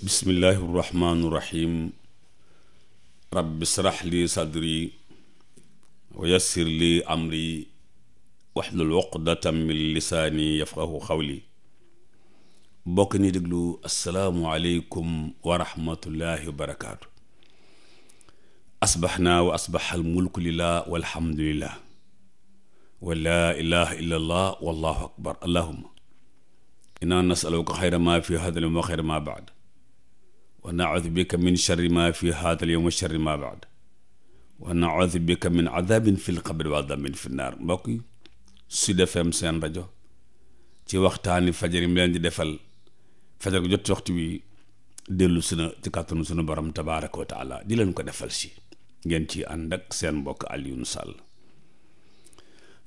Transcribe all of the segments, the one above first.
bismillaahi rahmaani rahiim rabbi srax li sadri wa yassir li amri waxlul uqdatan min lisaani yafqahu xawli bokk ni déglu assalaamu aleykum wa rahmatullaahi wa barakaatu asbaxnaa wa asbaxal mulku lillaah walhamdulillaah wa laa ilaaha illallaah wallaahu akbar allaahumma innaa nasaluka xayra maa fii haadal yawm wa xayra maa ba'd wa naudu bika min sharri ma fi haada al yawm wa sharri ma baad wa naudu bika min adabin fi lqabri wa adabin fi naar mbokk yi Sud seen rajo ci waxtaani fajar yi mu leen di defal fajar ko jot waxtu wi dellu si na ci kàttanu sunu borom tabaaraka wa di leen ko defal si ngeen ci ànd ak seen mbokk Alioune Sall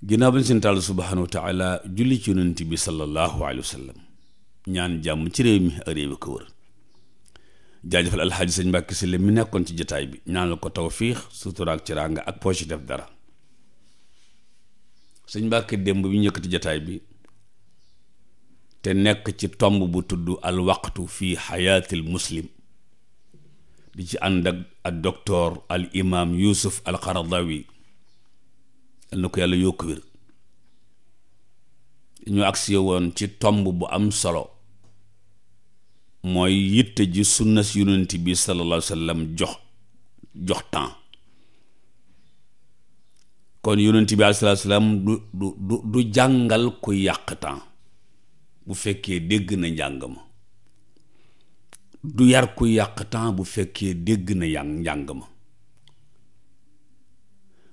ginnaaw bañ seen tàll subhaanahu wa taala julli ci yonent bi sallallahu alayhi wa ñaan jàmm ci réew mi ak réew ko wër jaajëfal alxaaji sëñ Mbàkke si li mi nekkoon ci jataay bi ñaanal ko tawfiix suturaak ci ak poche def dara sëñ Mbàkke démb bi ñu yëkkati jataay bi te nekk ci tomb bu tudd al waqtu fi xayaatil muslim di ci ànd ak ak docteur al imam Yusuf al Qaradawi yal ko yàlla yokku wér ñu agsi woon ci tomb bu am solo mooy yitte ji sunna si yonent bi sallallahu alayhi jox jox temps kon yonent bi sallallahu alayhi wa du du du jàngal ku yàq temps bu fekkee dégg na njàng ma du yar ku yàq temps bu fekkee dégg na yà njàng ma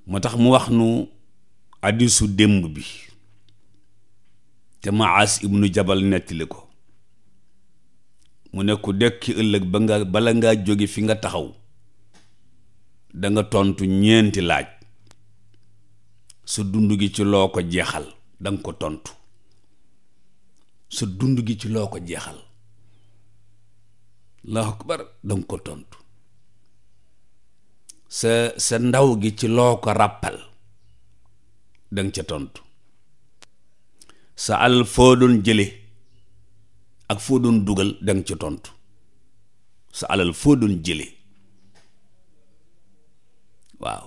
moo tax mu wax nu hadiisu démb bi te Maas ibnu Jabal nettali ko mu ne ku dekki ëllëg ba nga bala ngaa jóge fi nga taxaw danga tontu ñeenti laaj sa dund gi ci loo ko jeexal danga ko tontu sa dund gi ci loo ko jeexal allahu akbar ko tontu sa ndaw gi ci loo ko ràppal da ca tontu sa alal foo doon jële ak foo doon dugal danga ci tontu sa alal foo doon jële waaw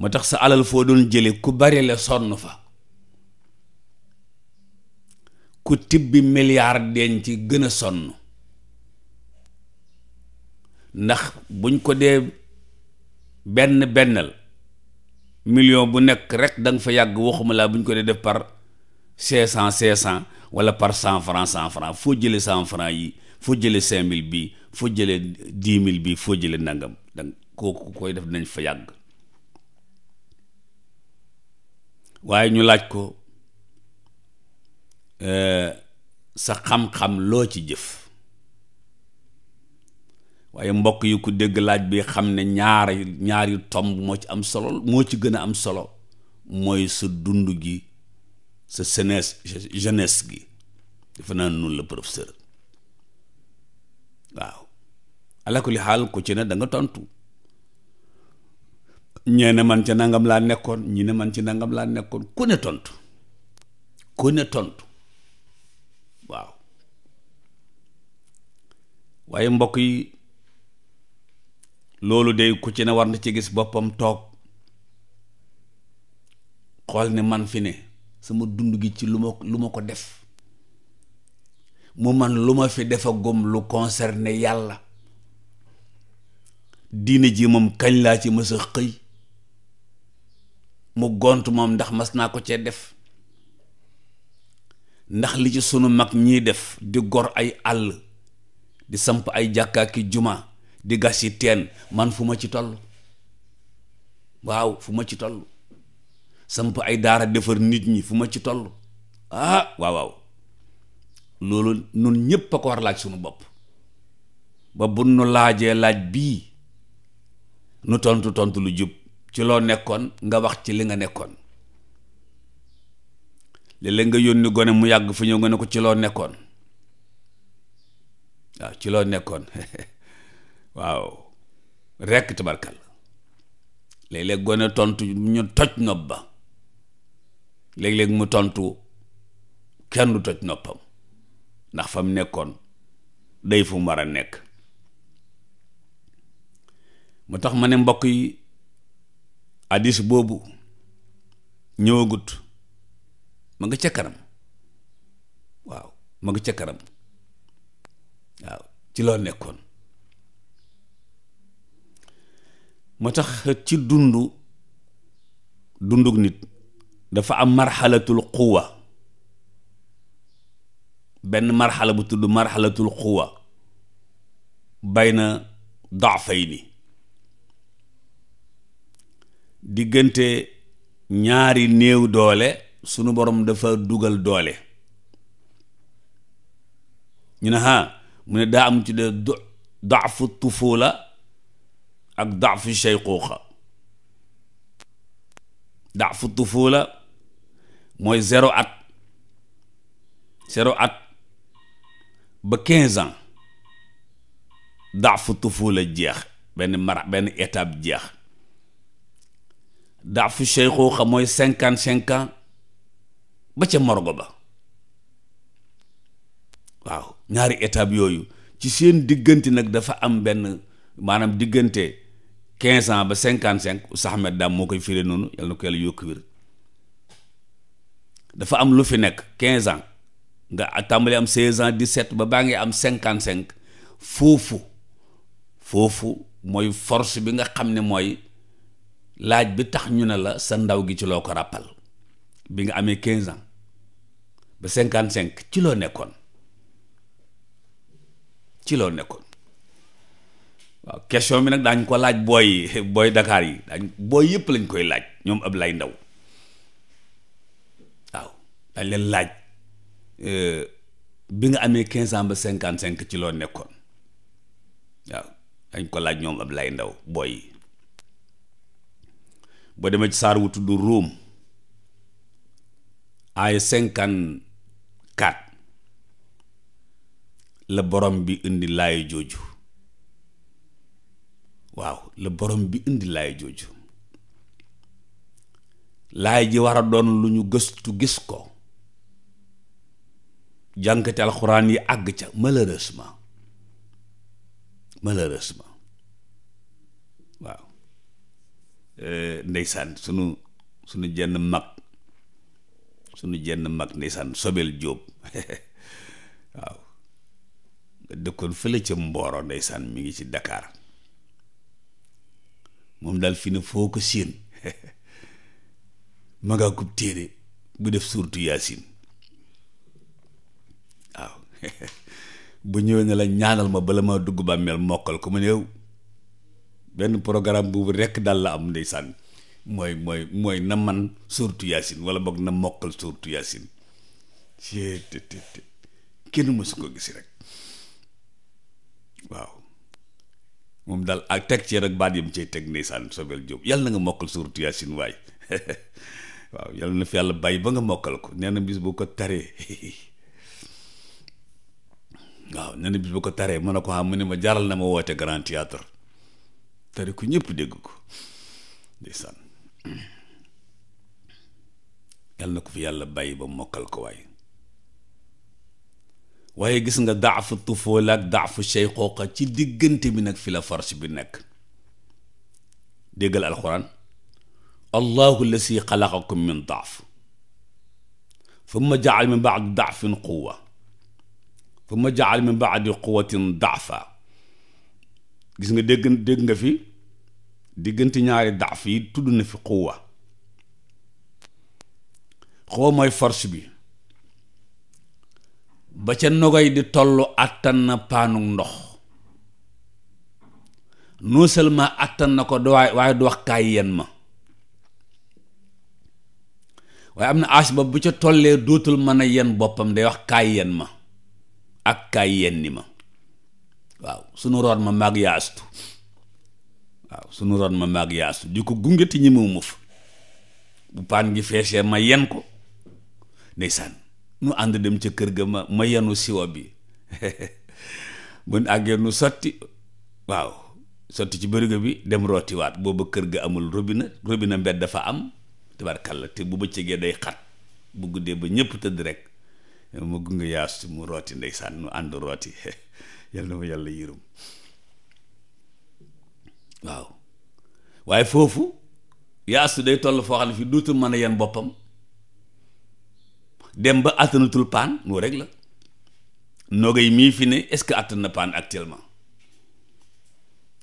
moo tax sa alal foo doon jële ku bari la sonn fa ku tibbi milliard den ci gën a sonn ndax buñ ko dee benn bennal million bu nekk rek da fa yàgg waxuma laa buñ ko dee def par cinq cent wala par cent franc cent franc foo jëlee cent franc yi foo jëlee cinq mille bi foo jëlee dix mille bii foo jëlee nangam danga kooku koy def dinañ fa yàgg waaye ñu laaj ko euh, sa xam-xam loo ci jëf waaye mbokk yu ko dégg laaj bi xam ne ñaar ñaari tomb moo ci am solo moo ci gën a am solo mooy sa dund gi sa jeunesse jeunesse gi dafa naa nun la professeur waaw ala li xaal ku ci ne da tontu ñee ne man ci nangam laa nekkoon ñi ne man ci nangam laa nekkoon ku ne tontu ku ne tontu waaw waaye mbokk yi loolu de ku ci ne war na ci gis boppam toog xool ne man fi ne sama dund gi ci lu ma lu ma ko def mu man lu ma fi defagum lu concerné yàlla diine ji moom kañ laa ci mës xëy mu gont moom ndax mas naa ko cee def ndax li ci sunu mag ñiy def di gor ay àll di samp ay jàkkaaki juma di gas yi teen man fu ma ci toll waaw fu ma ci toll sëmp ay daara defar nit ñi fu ma ci tollu ah waaw waaw loolu nun ñépp a ko war laaj sunu bopp ba bu nu laajee laaj bii nu tontu tontu lu jub ci loo nekkoon nga wax ci li nga nekkoon léeg nga yónni gone mu yàgg fu ñëw nga ne ko ci loo nekkoon waaw ci loo nekkoon waaw rekk tabarkal léeg gone tontu ñu toj nopp ba léeg-léeg mu tontu kenn du toj noppam ndax fa mu nekkoon day fu mu war a nekk mu tax ma ne mbokk yi addis boobu ñëwagut ma nga ca kanam waaw mu nga ca kanam waaw ci loo nekkoon moo tax ci dundu dunduk nit dafa am marxalatul quwa benn marxala bu tudd marxalatul quwa bayna daafayni diggante ñaari néew doole sunu borom dafa dugal doole ñu ne ha mu ne daa am ci de daafu tufula ak daafu shayquuqa daafu tufula mooy zéro at zéro at ba quinze ans daafu tufula jeex benn mara benn étape jeex daafu seyxuuxa mooy cinquante cinq ans ba ca morgo ba waaw ñaari étape yooyu ci seen diggante nag dafa am benn maanaam diggante quinze ans ba cinquante cinq Oustaz Ahmed Dame moo koy firee noonu yàlla na ko yàlla yokk wér dafa am lu fi nekk quinze ans nga tàmbali am seize ans dix-sept ba baa ngi am cinquante cinq foofu foofu mooy force bi nga xam ne mooy laaj bi tax ñu ne la sa ndaw gi ci loo ko ràppal bi nga amee quinze ans ba cinquante cinq ci loo nekkoon ci loo nekkoon waaw question bi nag daañ ko laaj booy booy Dakar yi daañ booy yëpp lañ koy laaj ñoom ab lay Ndaw dañ leen laaj euh, bi nga amee quinze ans ba cinquante cinq ci loo nekkoon waaw dañ ko laaj ñoom ab lay ndaw boy yi boo demee ci saar wu tudd Ruum ay cinquante quatre la borom bi indi laayu jooju waaw la borom bi indi laayu jooju laay ji war a doon lu ñu gëstu gis ko jànkati alxuraan yi àgg ca malheureusement malheureusement waaw eh, ndeysaan sunu sunu jenn mag jenn mag ndeysaan Sobel Jóob waaw nga dëkkoon fële ca Mbooro ndeysaan mi ngi ci Dakar moom daal fi ne foo ko séen magakub téere bu def suurtu Yaasin bu ñëwee na la ñaanal ma bala ma dugg bàmmeel mokkal ko ma néew benn programme boobu rekk daal la am ndeysaan mooy mooy mooy na man suurtu yaasin wala boog na mokkal suurtu yaasin kenn mësu ko gis rek waaw moom daal ak teg ci rek baat yam cay teg ndeysaan Sobel Jóob yàlla na nga mokkal suurtu yaasin waay waaw yàlla na fi yàlla bàyyi ba nga mokkal ko nee na bis bu ko taree waaw nee bi bis bu ko taree mu ne ko xam ah, mu ne ma jaral na ma woote grand théâtre tari ko ñépp dégg ko ndeysaan na ko fi yàlla bàyyi ba mokkal ko waaye waaye gis nga daafu tufool ak daafu seyxooqa ci diggante bi nag fi la farce bi nekk déggal alxuraan allahu lasi xalaqakum min daaf thumma jaal min baadi daafin quwwa fa ma jaal min baadi quwatin daafa gis nga dégg dégg nga fi diggante ñaari daaf yi tudd na fi quwa quwa mooy force bi ba ca nogay di tollu àttan na paanug ndox non seulement àttan na ko waaye waaye du wax kaay yen ma waaye am na as ba bu ca tollee dootul mën a yen boppam day wax kaay yen ma ak kaay ni ma waaw sunu root ma maag yaastu waaw sunu root ma maag yaastu di ko gunge te ñi ma muf bu paan gi feesee ma yen ko ndeysaan nu ànd dem ca kër ga ma ma yenu siwa bi bu nu àggee nu sotti waaw sotti ci bërigo bi dem rootiwaat booba kër ga amul robinet robinet mbedd dafa am tabarkalla te bu bëccëgee day xat bu guddee ba ñëpp tëdd rek mu gunge yaas mu rooti ndeysaan nu ànd rooti yal na yàlla yërëm waaw waaye foofu yaasu day toll foo xam ne fii duutul mën a yenn boppam dem ba àttanatul paan noo rek la noogay mii fi ne est-ce que àttan na paan actuellement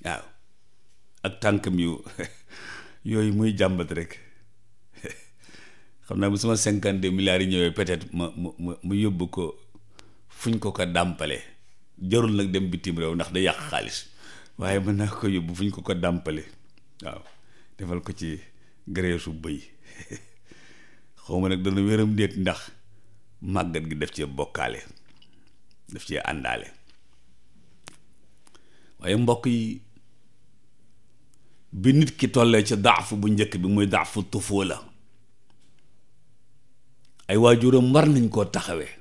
waaw ak tànkam yooyu muy jàmbat rek xam naa bu sama cinquante deux yi ñëwee peut-être ma mu ma yóbbu ko fuñ ko ko dàmpale jarul nag dem bitim réew ndax da yàq xaalis waaye mën naa ko yóbbu fuñ ko ko dàmpale waaw defal ko ci gréesu bëy xaw ma nag dana wéram déet ndax màggat gi def cee bokkaale daf cee àndaale waaye mbokk yi bi nit ki tollee ci daafu bu njëkk bi muy daafu tufoo la ay waajuram war nañ koo taxawee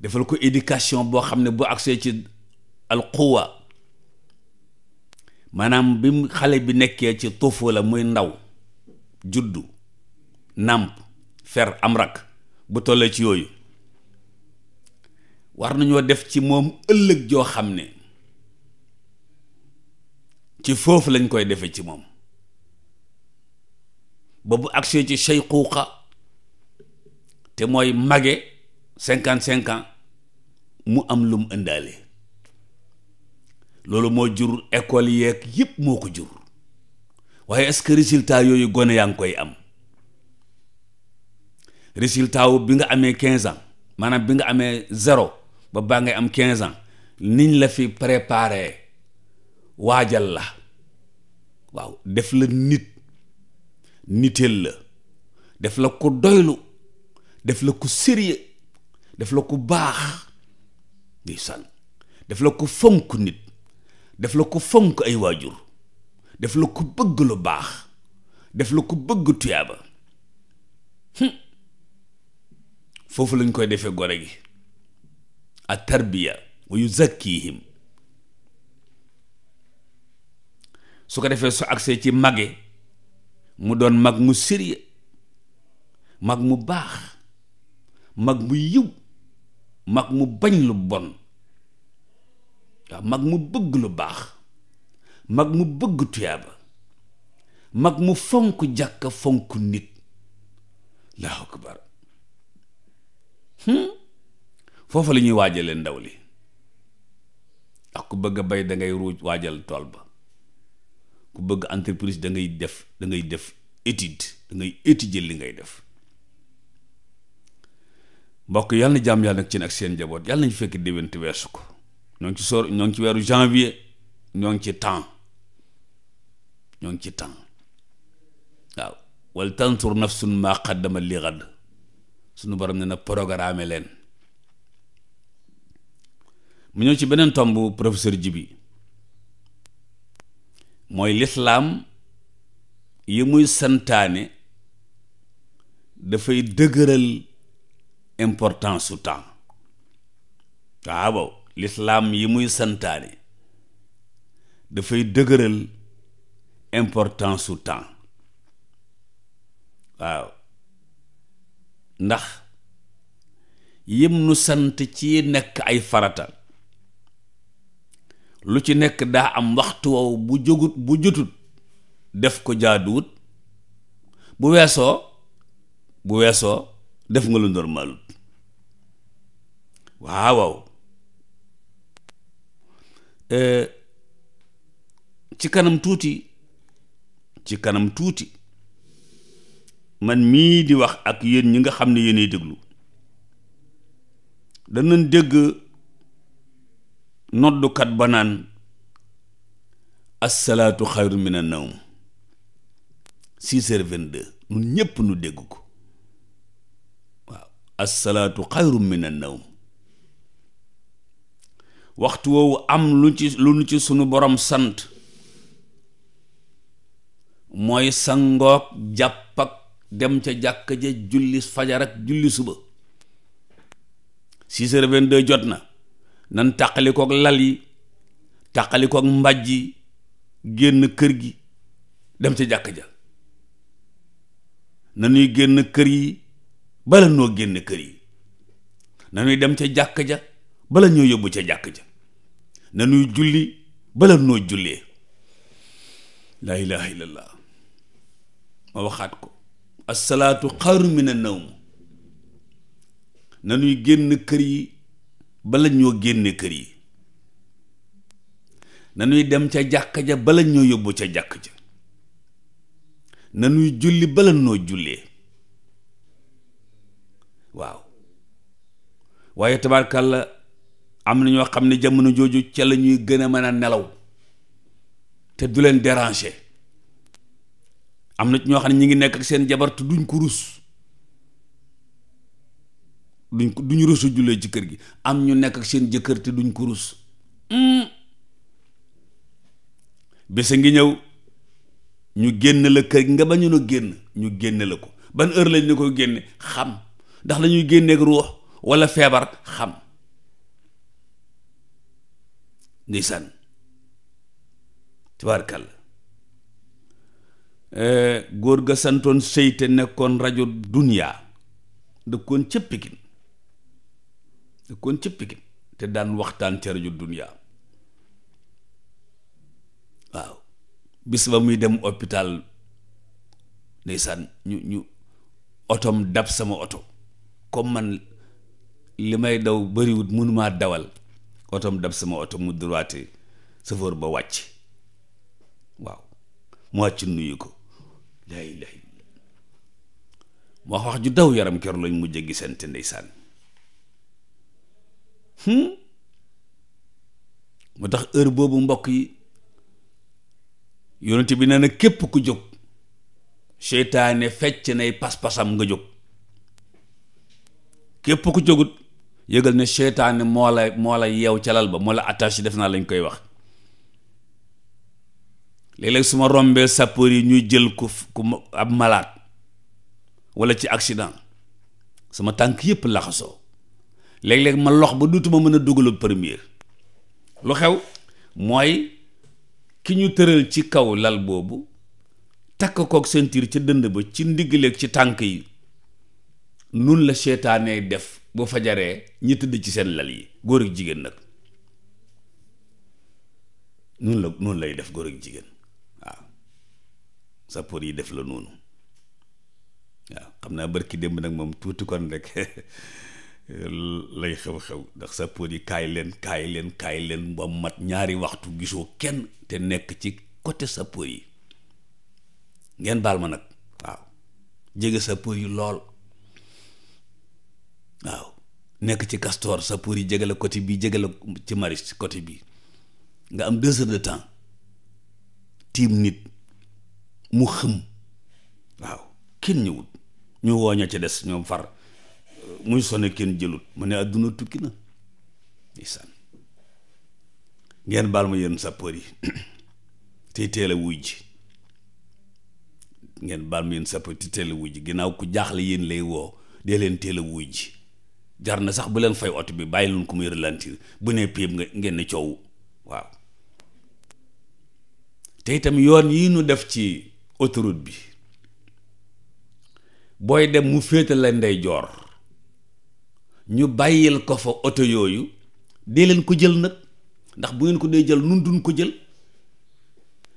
defal ko éducation boo xam ne bu agsee ci alquwa maanaam bi xale bi nekkee ci tuufu la muy ndaw juddu nàmp fer am rak bu tollee ci yooyu war nañoo def ci moom ëllëg joo xam ne ci foofu lañ koy defee ci moom ba bu agsee ci shayquuqa te mooy mage cinquante cinq mu am lu mu ëndaale loolu moo jur école yeeg yépp moo ko jur waaye est résultat yooyu gone yaa ngi koy am résultat bi nga amee quinze ans maanaam bi nga amee zéro ba baa ngay am quinze ans niñ la fi préparé waajal la waaw def la nit niteel la def la ko doylu def la ko sérieux def la ku baax ndeysaan def la ko fonk nit def la ko fonk ay waajur def la ku bëgg lu baax def la ku bëgg tuyaaba foofu lañ koy defee gone gi at tarbiya wa yuzakkihim su ko defee su agsee ci mage mu doon mag mu sérieux mag mu baax mag mu yiw mag mu bañ lu bon waaw mag mu bëgg lu baax mag mu bëgg tuyaaba mag mu fonk jàkka fonk nit laahu akbar hmm? foofa la ñuy waajale ndaw li ak ku bëgg a bay da ngay ruuj waajal tool ba ku bëgg entreprise da ngay def dangay def étude dangay ngay étudier li ngay def mbokk yàlla na jàmm yàlla nag ci ak seen njaboot yàlla nañu fekk déwén te weesu ko ñoo ngi ci soor ñoo ngi ci weeru janvier ñoo ngi ci temps ñoo ngi ci temps waaw wal tantur suñ maa dama li ghad suñu borom ne na programme leen mu ñëw ci beneen tomb professeur Djibi mooy lislaam yi muy santaane dafay dëgëral importance su temps waaw lislaam yi muy santaane dafay dëgëral importance su temps waaw ndax yim nu sant ci nekk ay farata lu ci nekk daa am waxtu wow bu jutut def ko jaaduwut bu weesoo bu weesoo def nga lu normalul waaw eh, ci kanam tuuti ci kanam tuuti man mii di wax ak yéen ñi nga xam ne yéenay déglu danañ dégg noddukat ba naan assalaatu xayru mina nawm six heures vingt-deux ñun ñépp nu dégg ko waaw assalaatu xayru mina waxtu woowu am lu ci nu ci sunu borom sant mooy sangoog jàpp ak dem ca jàkk ja julli fajar ak julli suba six heures vingt-deux jot na nan tàqalikook lal yi tàqalikook mbàjj yi génn kër gi dem ca jàkk ja na nanuy génn kër yi bala noo génn kër yi nanuy dem ca jàkk ja bala ñoo yóbbu ca jàkk ja na nuy julli bala noo jullee laa ilaha illallah ma waxaat ko assalaatu xayru min annawm na nuy génn kër yi bala ñoo génne kër yi na nuy dem ca jàkk ja bala ñoo yóbbu ca jàkk ja na nuy julli bala noo jullee waaw waaye tabaarkàlla am na ñoo xam ne jamono jooju ca la ñuy gën a mën a nelaw te du leen déranger am na ñoo xam ne ñu ngi nekk ak seen jabar te duñ ko rus duñ ko duñu rusu jullee ci kër gi am ñu nekk ak seen jëkkër te duñ kurus rus hmm. bés ngi ñëw ñu génn la kër gi nga ba ñu génn ñu génn la ko ban heure lañ ne ko génne xam ndax lañuy ñuy génneeg ruux wala feebar xam ndeysaan tubaarkàlla eh, góor ga santoon sëy te nekkoon rajo dunia dëkkoon ca Pikin dëkkoon ca te daan waxtaan ca rajo dunia waaw bis ba muy dem hôpital ndeysaan ñu ñu otom dab sama oto comme man li may daw bariwut mënumaa dawal otom dab sama oto mu droite chauffeur ba wàcc waaw mu wàcc nuyu ko laa ilaaha mu wax wax ju daw yaram ker lañ mujj a gisante ndeysaan hmm? moo tax heure boobu mbokk yi yonent bi nana képp ku jóg seytaane fecc nay pas-pasam nga jóg képp ku jógut yëgal ne seytaane moo la moo la yeew ca lal ba moo la attaché def naa lañ koy wax léeg-léeg su ma rombee sapeur yi ñuy jël ku ku ab malaat wala ci accident sama tànk yëpp laxasoo léeg-léeg ma lox ba duutuma mën a dugalu première lu xew mooy ki ñu tëral ci kaw lal boobu takk kook ceinture ca dënd ba ci ndigg léeg ci tànk yi nun la seytaanee def bu fajaree ñi tëdd ci seen lal yi góor ak jigéen nag noonu la noonu lay def góor ak jigéen waaw sappoor yi def la noonu waaw xam naa barki démb nag moom tuuti kon rek lay xew-xew ndax sappoor yi kaay leen kaay leen kaay leen ba mat ñaari waxtu gisoo kenn te nekk ci côté sappoor yi ngeen baal ma nag waaw jege sappoor yi lool waaw nekk ci Castor sapeur yi jege la côté bii jege la ci Maristes côté bi nga am deux heures de temps tiim nit mu xëm waaw kenn ñëwut ñu wooña ci des ñoom far muy sone kenn jëlut mu ne àdduna tukki na ndeysaan ngeen baal ma yéen sapeur yi tey teel a wuy ji ngeen baal ma yéen sapeur tey teel a wuy ji ginnaaw ku jaaxle yéen lay woo dee leen teel a wuy ji jar na sax bu leen fay oto bi bàyyi leen ko mu muy ralentir bu nee piib nga ngeen ne coow waaw te itam yoon yi nu def ci autoroute bi booy dem mu féetal la ndeyjoor ñu bàyyil ko fa oto yooyu dee leen ko jël nag ndax bu ngeen ko dee jël nun duñ ko jël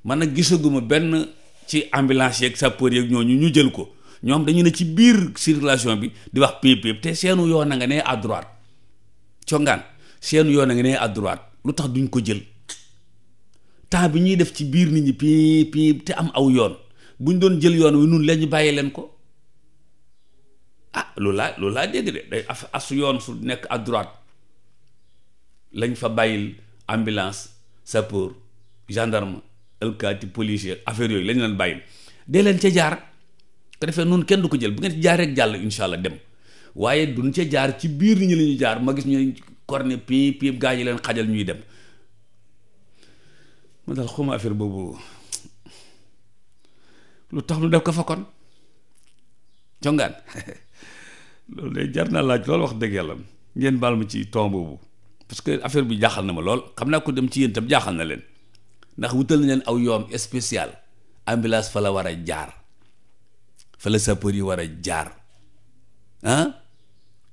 man a gisaguma benn ci ambulance yeeg sapeur yeeg ñooñu ñu jël ko ñoom dañu ne ci biir circulation bi di wax piip piip te seenu yoon a nga nee à congaan seenu yoon a nga nee à lu tax duñ ko jël temps bi ñuy def ci biir nit ñi piip piip te am aw yoon buñ doon jël yoon wi nun lañu bàyyi leen ko ah loolu laa loolu laa dégg de day asu yoon su nekk à droite lañ fa bàyyil ambulance sapeur gendarme alkaati policier affaire yooyu lañ leen bàyyil dee leen ca jaar ko defee noonu kenn du ko jël bu ngeen ci jàll incha allah dem waaye duñ ca jaar ci biir nit jaar ma gis ñu corne pi pi gaa ñi leen xajal ñuy dem ma affaire boobu lu tax lu def ko fa kon congaan loolu de jar naa laaj loolu wax dëgg yàlla ngeen baal ma ci ton boobu parce que affaire bi jaaxal na ma lool xam naa ko dem ci yéen tam jaaxal na leen ndax wutal na leen aw yoon spécial ambulance fa la war a jaar fa la sapeur yi war a jaar ah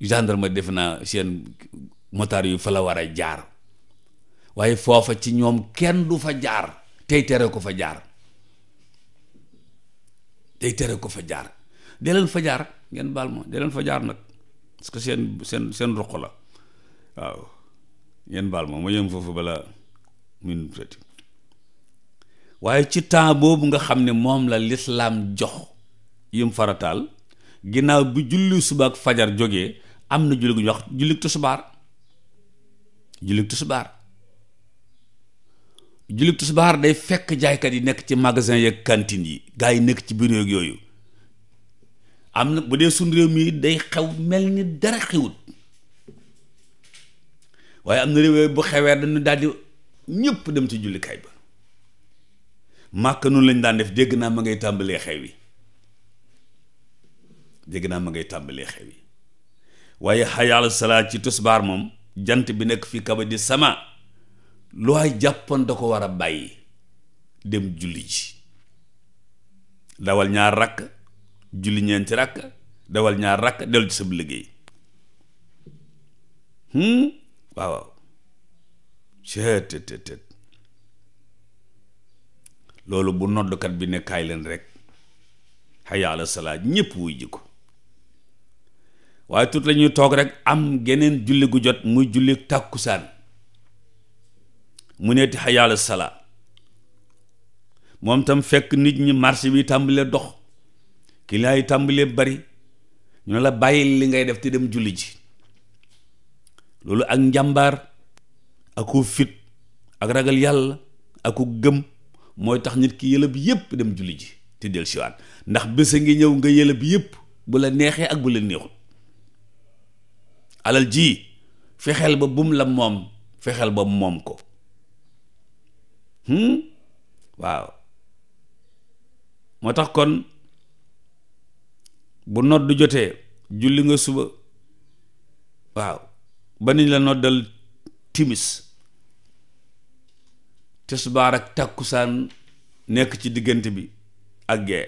gendarme def naa seen motard yu fa la war a jaar waaye foofa ci ñoom kenn du fa jaar tey tere ko fa jaar tey ko fa jaar dee fa jaar ngeen baal ma dee fa jaar nag parce que seen seen seen roq la waaw ngeen baal ma ma yëm foofu bala mun waaye ci temps boobu nga xam ne moom la lislaam jox yum farataal ginnaaw bi julli suba fajar jógee am na julli gu ñu wax julli tisbaar julli tisbaar julli tisbaar day fekk jaaykat yi nekk ci magasin yeeg cantine yi gaa yi nekk ci bureau yooyu am na bu dee suñ réew mi day xew mel ni dara xewut waaye am na réew bu xewee dañu daal di ñëpp dem ci jullikaay ba màkk noonu lañ daan def dégg naa ma ngay tàmbalee xew wi dégg naa ma ngay tàmbalee xew yi waaye xaya ala ci tusbaar moom jant bi nekk fi kaba di sama lu ay jàppoon da ko war a bàyyi dem julli ji dawal ñaar rakk julli ñeenti rakk dawal ñaar rakk dellu ci sab liggéey hmm? waaw waaw cët tët tët loolu bu noddkat bi ne kaay leen rek xaya ala salaat ñëpp wuy ko waaye tuut la toog rek am geneen julli gu jot muy julli tàkkusaan mu neeti xayaala salaa moom tam fekk nit ñi marché bi tàmbalee dox client tàmbalee bari ñu ne la bàyyi li ngay def te dem julli ji loolu ak njàmbaar aku fit ak ragal yàlla aku gëm mooy tax nit ki yëlëb yépp dem julli ji te del siwaat ndax bés a ngi ñëw nga yëlëb yépp bu la neexee ak bu la neexut alal jii fexeel ba bum la moom fexeel ba moom ko hmm? waaw moo tax kon bu nodd jotee julli nga suba waaw ba niñ la noddal timis tisbaar ak tàkkusaan nekk ci diggante bi ak gee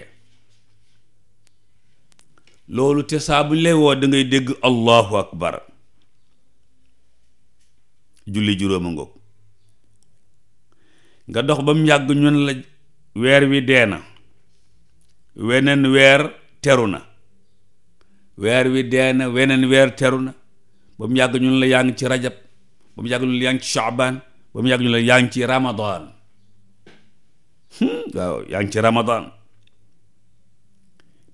loolu te saabu bu lewoo da ngay dégg allahu akbar julli juróom ngoog nga dox ba mu yàgg ñun la weer wi dee na weneen weer teru na weer wi dee na weneen weer teru na ba mu yàgg ñun la yaa ci rajab ba mu yàgg ñun la yaa ci shaabaan ba mu yàgg yaa ngi ci ramadaan hmm, waaw yaa ngi ci ramadaan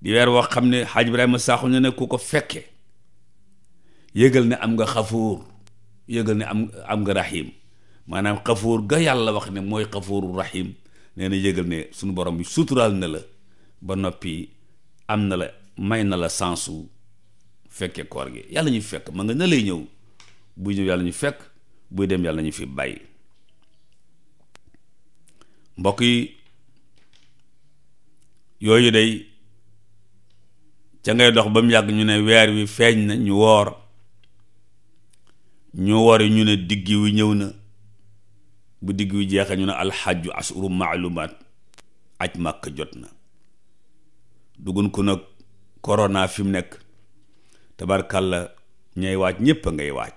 di weer woo xam ne xaaj Ibrahima saaxu ne ne ku ko fekke yëgal ne am nga xafuur yëgal ne am am nga rahim maanaam xafuur ga yàlla wax ne mooy xafuuru rahim nee na yëgal ne suñu borom bi suturaal na la ba noppi am na la may na la sansu fekke koor gi yàlla ñu fekk ma nga na lay ñëw buy ñëw yàlla ñu fekk buy dem yàlla ñu fi bàyyi mbokk yi yooyu day ca ngay dox ba mu yàgg ñu ne weer wi feeñ na ñu woor ñu wari ñu ne digg wi ñëw na bu digg wi jeexee ñu ne alxajju asuru maalumaat aj màkk jot na duggun ko nag korona fi mu nekk tabarkàlla ñay waaj ñépp a ngay waaj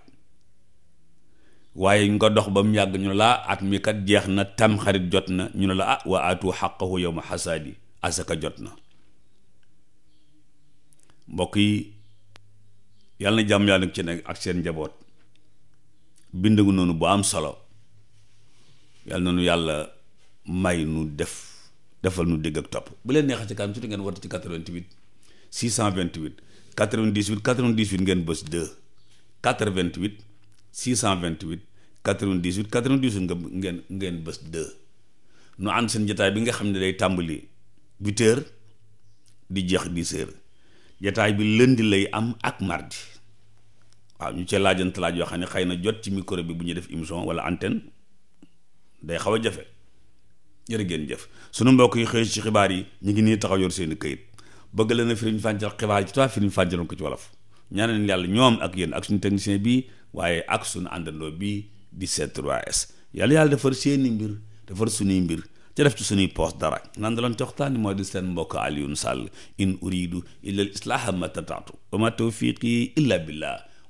waaye nga dox ba mu yàgg ñu ne laa at mi kat jeex na tam xarit jot na ñu ne la ah wa aatu xaqahu yowma xasaadi asaka jot na mbokk yi yàlla na jàmm yàlla ci nekk ak seen njaboot bind nga noonu bu am solo yàlla noonu yàlla may nu def defal nu dégg ak topp bu leen neexee ci kanam surtout ngeen woote ci 88 628 98 98 ngeen bës 2 88 628 98 98 nga ngeen ngeen bës de nu ànd seen jataay bi nga xam ne day tàmbali 8 heures di jeex 10 heures jataay bi leen di lay am ak mardi waaw ñu cee laajante laaj yoo xam ne xëy na jot ci micro bi bu ñuy def émission wala antenne day xaw a jafe jërë ngeen jëf sunu mbokk yi xëy ci xibaar yi ñu ngi nii taxaw yor seen i këyit bëgg leen a firiñ fàncal xibaar yi ci toi firiñ fàncaloon ko ci wolof ñaaneen yàlla ñoom ak yéen ak suñu technicien bi waaye ak suñu àndandoo bi di C3S yàlla yàlla defar seeni mbir defar suñuy mbir te def ci suñuy poos dara nan da loon ci waxtaan mooy di seen mbokk Alioune Sall in uridu illa al